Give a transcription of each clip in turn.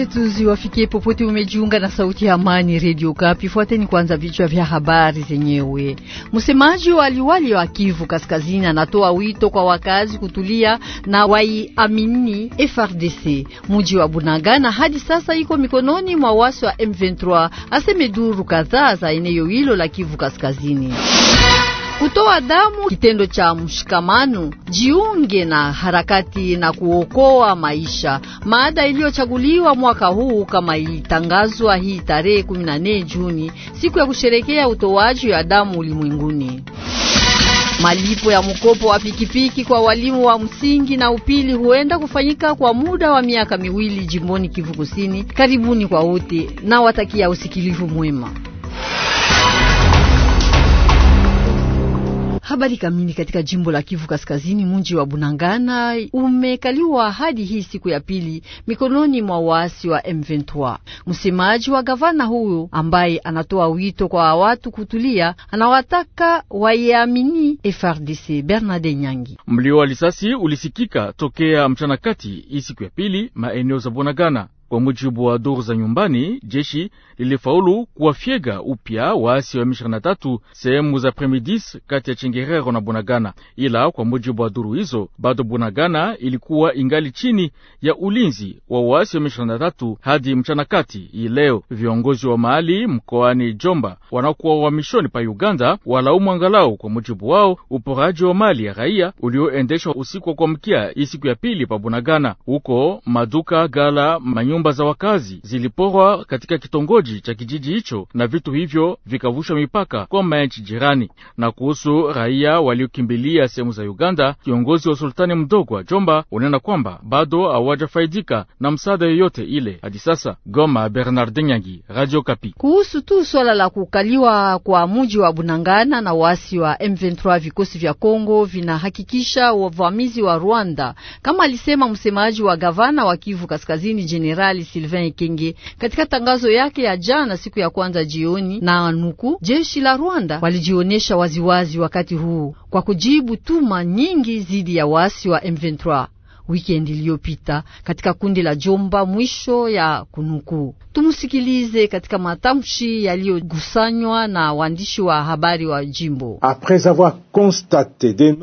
zetu ziwafikie popote. Umejiunga na Sauti ya Amani Radio Kapi. Fuateni kwanza vichwa vya habari zenyewe. Msemaji wa liwali wa Kivu Kaskazini anatoa wito kwa wakazi kutulia na waiamini FRDC. Muji wa Bunagana hadi sasa iko mikononi mwa wasi wa M23, aseme duru kadhaa za eneo hilo la Kivu Kaskazini kutoa damu, kitendo cha mshikamano. Jiunge na harakati na kuokoa maisha, maada iliyochaguliwa mwaka huu kama ilitangazwa hii tarehe 14 Juni, siku ya kusherekea utoaji wa damu ulimwenguni. Malipo ya mkopo wa pikipiki kwa walimu wa msingi na upili huenda kufanyika kwa muda wa miaka miwili jimboni Kivu Kusini. Karibuni kwa wote na watakia usikilivu mwema. Habari kamili. Katika jimbo la Kivu Kaskazini, mji wa Bunangana umekaliwa hadi hii siku ya pili mikononi mwa waasi wa M23. Msemaji wa gavana huyo ambaye anatoa wito kwa watu kutulia, anawataka waiamini FRDC. Bernade Nyangi. Mlio wa lisasi ulisikika tokea mchana kati hii siku ya pili maeneo za Bunangana kwa mujibu wa duru za nyumbani, jeshi lilifaulu kuwafyega upya waasi wa M23 sehemu za Premidis kati ya Chengerero na Bunagana, ila kwa mujibu wa duru hizo bado Bunagana ilikuwa ingali chini ya ulinzi wa waasi wa M23 hadi mchana kati hii leo. Viongozi wa mahali mkoani Jomba wanakuwa uhamishoni pa Uganda walaumu angalau kwa mujibu wao uporaji wa mali ya raia ulioendeshwa usiku wa kuamkia hii siku ya pili pa Bunagana, huko maduka, gala, manyumba nyumba za wakazi ziliporwa katika kitongoji cha kijiji hicho, na vitu hivyo vikavushwa mipaka kwa manchi jirani. Na kuhusu raia waliokimbilia sehemu za Uganda, kiongozi wa sultani mdogo wa Jomba unena kwamba bado hawajafaidika na msaada yoyote ile hadi sasa. Goma, Bernard Nyangi, Radio Kapi. Kuhusu tu swala la kukaliwa kwa muji wa Bunangana na waasi wa M23, vikosi vya Kongo vinahakikisha wavamizi wa Rwanda, kama alisema msemaji wa gavana wa Kivu Kaskazini General Jenerali Sylvain Ekenge katika tangazo yake ya jana siku ya kwanza jioni na anuku jeshi la Rwanda walijionyesha waziwazi wakati huu kwa kujibu tuma nyingi dhidi ya waasi wa M23 wikendi iliyopita katika kundi la Jomba. Mwisho ya kunukuu. Tumusikilize katika matamshi yaliyokusanywa na waandishi wa habari wa jimbo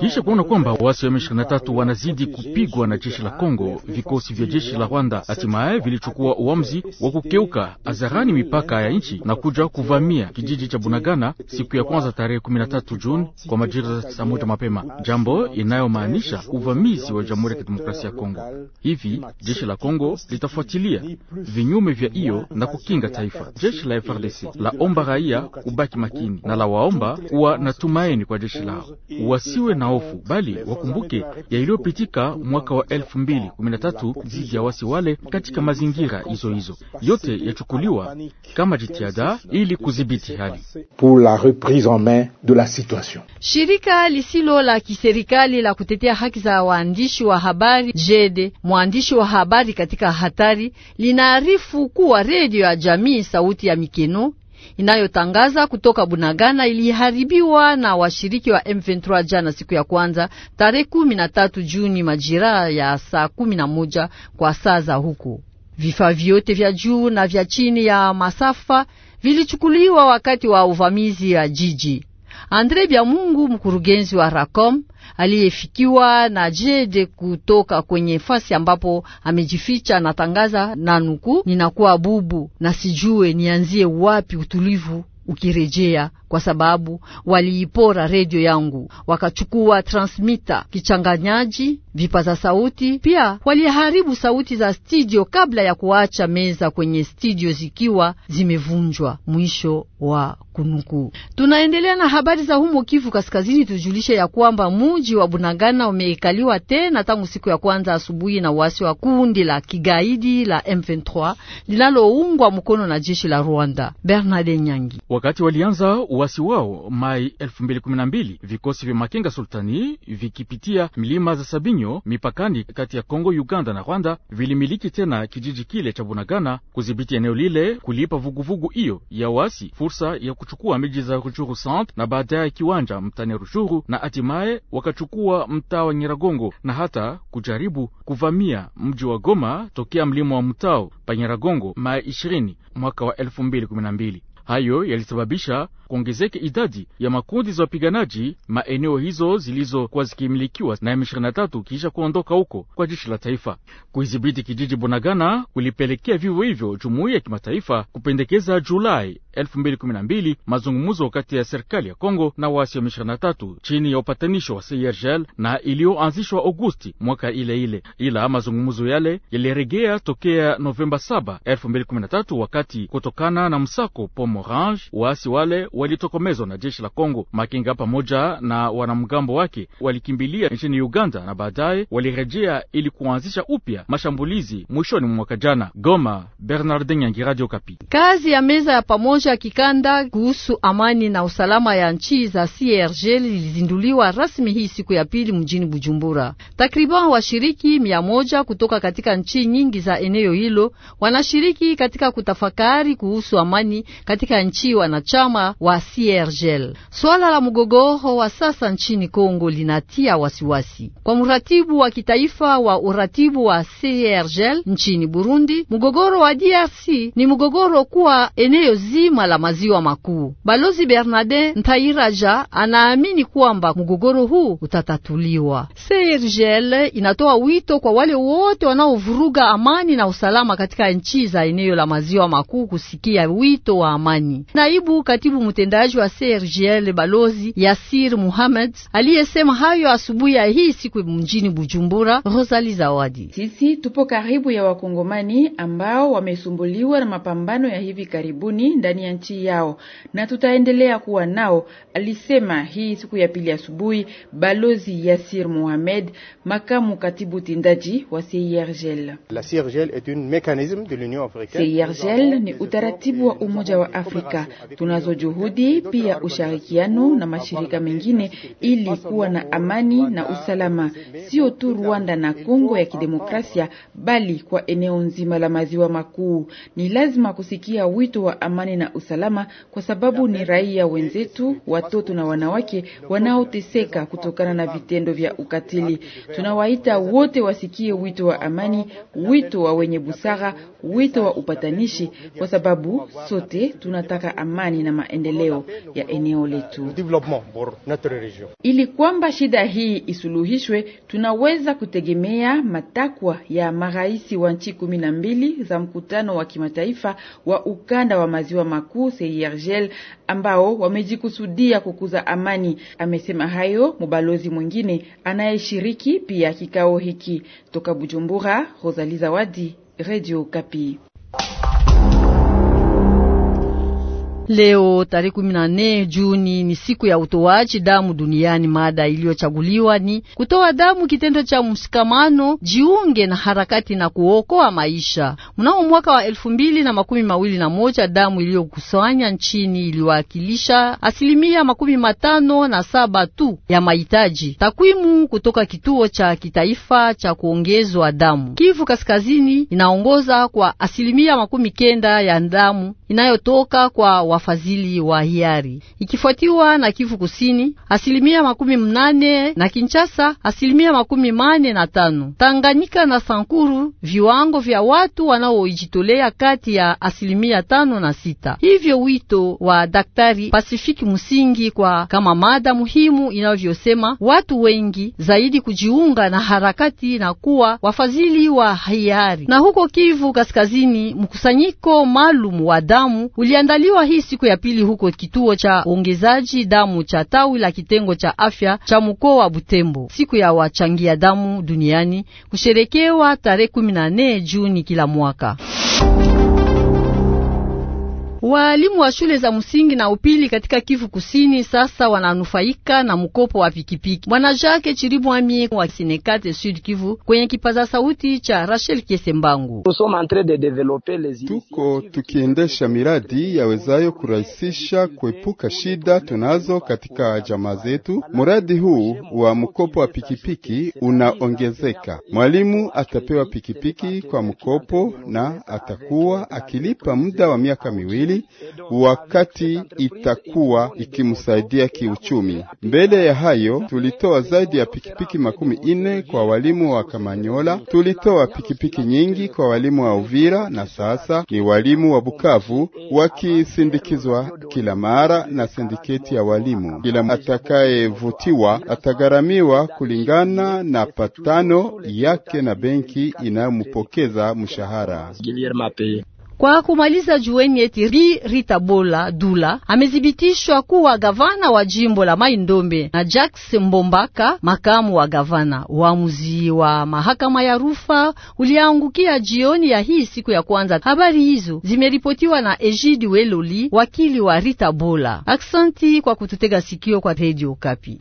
kisha kuona kwamba waasi wa M23 wanazidi kupigwa na jeshi la Kongo. Vikosi vya jeshi la Rwanda hatimaye vilichukua uamuzi wa kukeuka hadharani mipaka ya nchi na kuja kuvamia kijiji cha Bunagana siku ya kwanza tarehe 13 Juni kwa majira saa moja mapema, jambo inayomaanisha uvamizi wa Jamhuri ya Kidemokrasia kidemokrasia ya Kongo. Hivi jeshi la Kongo litafuatilia vinyume vya hiyo na kukinga taifa. Jeshi la FRDC laomba raia kubaki makini na la waomba kuwa na tumaini kwa jeshi lao, wasiwe na hofu, bali wakumbuke ya iliyopitika mwaka wa 2013 dhidi ya wasi wale katika mazingira hizo hizo. Yote yachukuliwa kama jitihada ili kudhibiti hali. Pour la reprise en main de la situation. Shirika lisilo la kiserikali la kutetea haki za waandishi wa habari habari Jede, mwandishi wa habari katika hatari, linaarifu kuwa redio ya jamii sauti ya Mikeno inayotangaza kutoka Bunagana iliharibiwa na washiriki wa M23 jana siku ya kwanza tarehe 13 Juni majira ya saa 11 kwa saa za huku. Vifaa vyote vya juu na vya chini ya masafa vilichukuliwa wakati wa uvamizi ya jiji. Andre Byamungu, mkurugenzi wa Racom aliyefikiwa na Jede kutoka kwenye fasi ambapo amejificha, na tangaza na nuku, ninakuwa bubu na sijue nianzie wapi utulivu ukirejea kwa sababu waliipora redio yangu wakachukua transmita kichanganyaji vipaza sauti, pia waliharibu sauti za studio kabla ya kuacha meza kwenye studio zikiwa zimevunjwa. Mwisho wa kunuku. Tunaendelea na habari za humo Kivu Kaskazini. Tujulishe ya kwamba muji wa Bunagana umeikaliwa tena tangu siku ya kwanza asubuhi na wasi wa kundi la kigaidi la M23 linaloungwa mkono na jeshi la Rwanda. Bernard Nyangi, wakati walianza uasi wao Mai 2012 vikosi vya Makenga Sultani vikipitia milima za Sabinyo Monyo mipakani kati ya Kongo, Uganda na Rwanda vilimiliki tena kijiji kile cha Bunagana, kudhibiti eneo lile kulipa vuguvugu hiyo ya wasi fursa ya kuchukua miji za Ruchuru Centre na baadaye kiwanja mtani Ruchuru na hatimaye wakachukua mtaa wa Nyiragongo na hata kujaribu kuvamia mji wa Goma tokea mlima wa mtao pa Nyiragongo Mei 20 mwaka wa 2012. Hayo yalisababisha kuongezeke idadi ya makundi za wapiganaji maeneo hizo zilizokuwa zikimilikiwa na M23 kisha kuondoka huko kwa jeshi la taifa. Kuidhibiti kijiji Bunagana kulipelekea vivyo hivyo jumuiya ya kimataifa kupendekeza Julai 2012 mazungumzo kati ya serikali ya Kongo na waasi wa M23 chini ya upatanisho wa CIRGL na iliyoanzishwa Agosti mwaka ile ile, ila mazungumzo yale yaliregea tokea Novemba 7, 2013 wakati kutokana na msako Pomorange waasi wale walitokomezwa na jeshi la Kongo. Makenga pamoja na wanamgambo wake walikimbilia nchini Uganda na baadaye walirejea ili kuanzisha upya mashambulizi mwishoni mwa mwaka jana. Goma, Bernard Nyangi, Radio Kapi. Kazi ya meza ya pamoja ya kikanda kuhusu amani na usalama ya nchi za CRG lilizinduliwa rasmi hii siku ya pili mjini Bujumbura. Takriban washiriki mia moja kutoka katika nchi nyingi za eneo hilo wanashiriki katika kutafakari kuhusu amani katika nchi wanachama wa CIRGL. Swala la mgogoro wa sasa nchini Kongo linatia wasiwasi kwa mratibu wa kitaifa wa uratibu wa CIRGL nchini Burundi. Mgogoro wa DRC ni mgogoro kuwa eneo zima la maziwa makuu. Balozi bernade Ntairaja anaamini kwamba mgogoro huu utatatuliwa. CIRGL inatoa wito kwa wale wote wanaovuruga amani na usalama katika nchi za eneo la maziwa makuu kusikia wito wa amani. Naibu katibu mtendaji wa CRGL balozi Yasir Muhammad aliyesema hayo asubuhi ya hii siku mjini Bujumbura. Rosali Zawadi: sisi tupo karibu ya wakongomani ambao wamesumbuliwa na mapambano ya hivi karibuni ndani ya nchi yao na tutaendelea kuwa nao, alisema hii siku ya pili asubuhi balozi Yasir Muhammad, makamu katibu tendaji wa CRGL. La CRGL est un mécanisme de l'Union africaine. CRGL ni utaratibu wa Umoja wa Afrika juhudi juhudi pia ushirikiano na mashirika mengine ili kuwa na amani na usalama sio tu Rwanda na Kongo ya Kidemokrasia bali kwa eneo nzima la maziwa makuu. Ni lazima kusikia wito wa amani na usalama, kwa sababu ni raia wenzetu, watoto na wanawake wanaoteseka kutokana na vitendo vya ukatili. Tunawaita wote wasikie wito wa amani, wito wa wenye busara, wito wa upatanishi, kwa sababu sote tunataka amani na maendeleo maendeleo ya eneo letu. Ili kwamba shida hii isuluhishwe, tunaweza kutegemea matakwa ya marais wa nchi kumi na mbili za mkutano wa kimataifa wa ukanda wa maziwa makuu CIRGL ambao wamejikusudia kukuza amani. Amesema hayo mubalozi mwingine anayeshiriki pia kikao hiki toka Bujumbura, rosali Zawadi, Radio Kapi. Leo tarehe 14 Juni ni siku ya utoaji damu duniani. Mada iliyochaguliwa ni kutoa damu, kitendo cha mshikamano, jiunge na harakati na kuokoa maisha. Mnamo mwaka wa elfu mbili na makumi mawili na moja damu iliyokusanya nchini iliwakilisha asilimia makumi matano na saba tu ya mahitaji. Takwimu kutoka kituo cha kitaifa cha kuongezwa damu Kivu Kaskazini inaongoza kwa asilimia makumi kenda ya damu inayotoka kwa wafadhili wa hiari, ikifuatiwa na Kivu Kusini asilimia makumi mnane na Kinshasa asilimia makumi mane na tano Tanganyika na Sankuru viwango vya watu wanaojitolea kati ya asilimia tano na sita. Hivyo wito wa Daktari Pasifiki Musingi kwa kama mada muhimu inavyosema watu wengi zaidi kujiunga na harakati na kuwa wafadhili wa hiari. Na huko Kivu Kaskazini, mkusanyiko maalum wa damu uliandaliwa hii siku ya pili huko kituo cha uongezaji damu cha tawi la kitengo cha afya cha mkoa wa Butembo, siku ya wachangia damu duniani kusherekewa tarehe 14 Juni kila mwaka. Waalimu wa shule za msingi na upili katika Kivu Kusini sasa wananufaika na mkopo wa pikipiki. Bwana Jacques Chirimwami wa Sinekate Sud Kivu kwenye kipaza sauti cha Rachel Kiesembangu. Tuko tukiendesha miradi yawezayo kurahisisha kuepuka shida tunazo katika jamaa zetu. muradi huu wa mkopo wa pikipiki unaongezeka. Mwalimu atapewa pikipiki kwa mkopo na atakuwa akilipa muda wa miaka miwili mbili wakati itakuwa ikimsaidia kiuchumi. Mbele ya hayo, tulitoa zaidi ya pikipiki makumi ine kwa walimu wa Kamanyola, tulitoa pikipiki nyingi kwa walimu wa Uvira na sasa ni walimu wa Bukavu wakisindikizwa kila mara na sindiketi ya walimu. Kila atakayevutiwa atagharamiwa kulingana na patano yake na benki inayompokeza mshahara. Kwa kumaliza, jueni eti Ri Ritabola Dula amezibitishwa kuwa gavana wa jimbo la Maindombe na Jacques Mbombaka makamu wa gavana. Uamuzi wa mahakama ya rufa uliangukia jioni ya hii siku ya kwanza. Habari hizo zimeripotiwa na Ejidi Weloli, wakili wa Ritabola. Aksanti kwa kututega sikio kwa redio Kapi.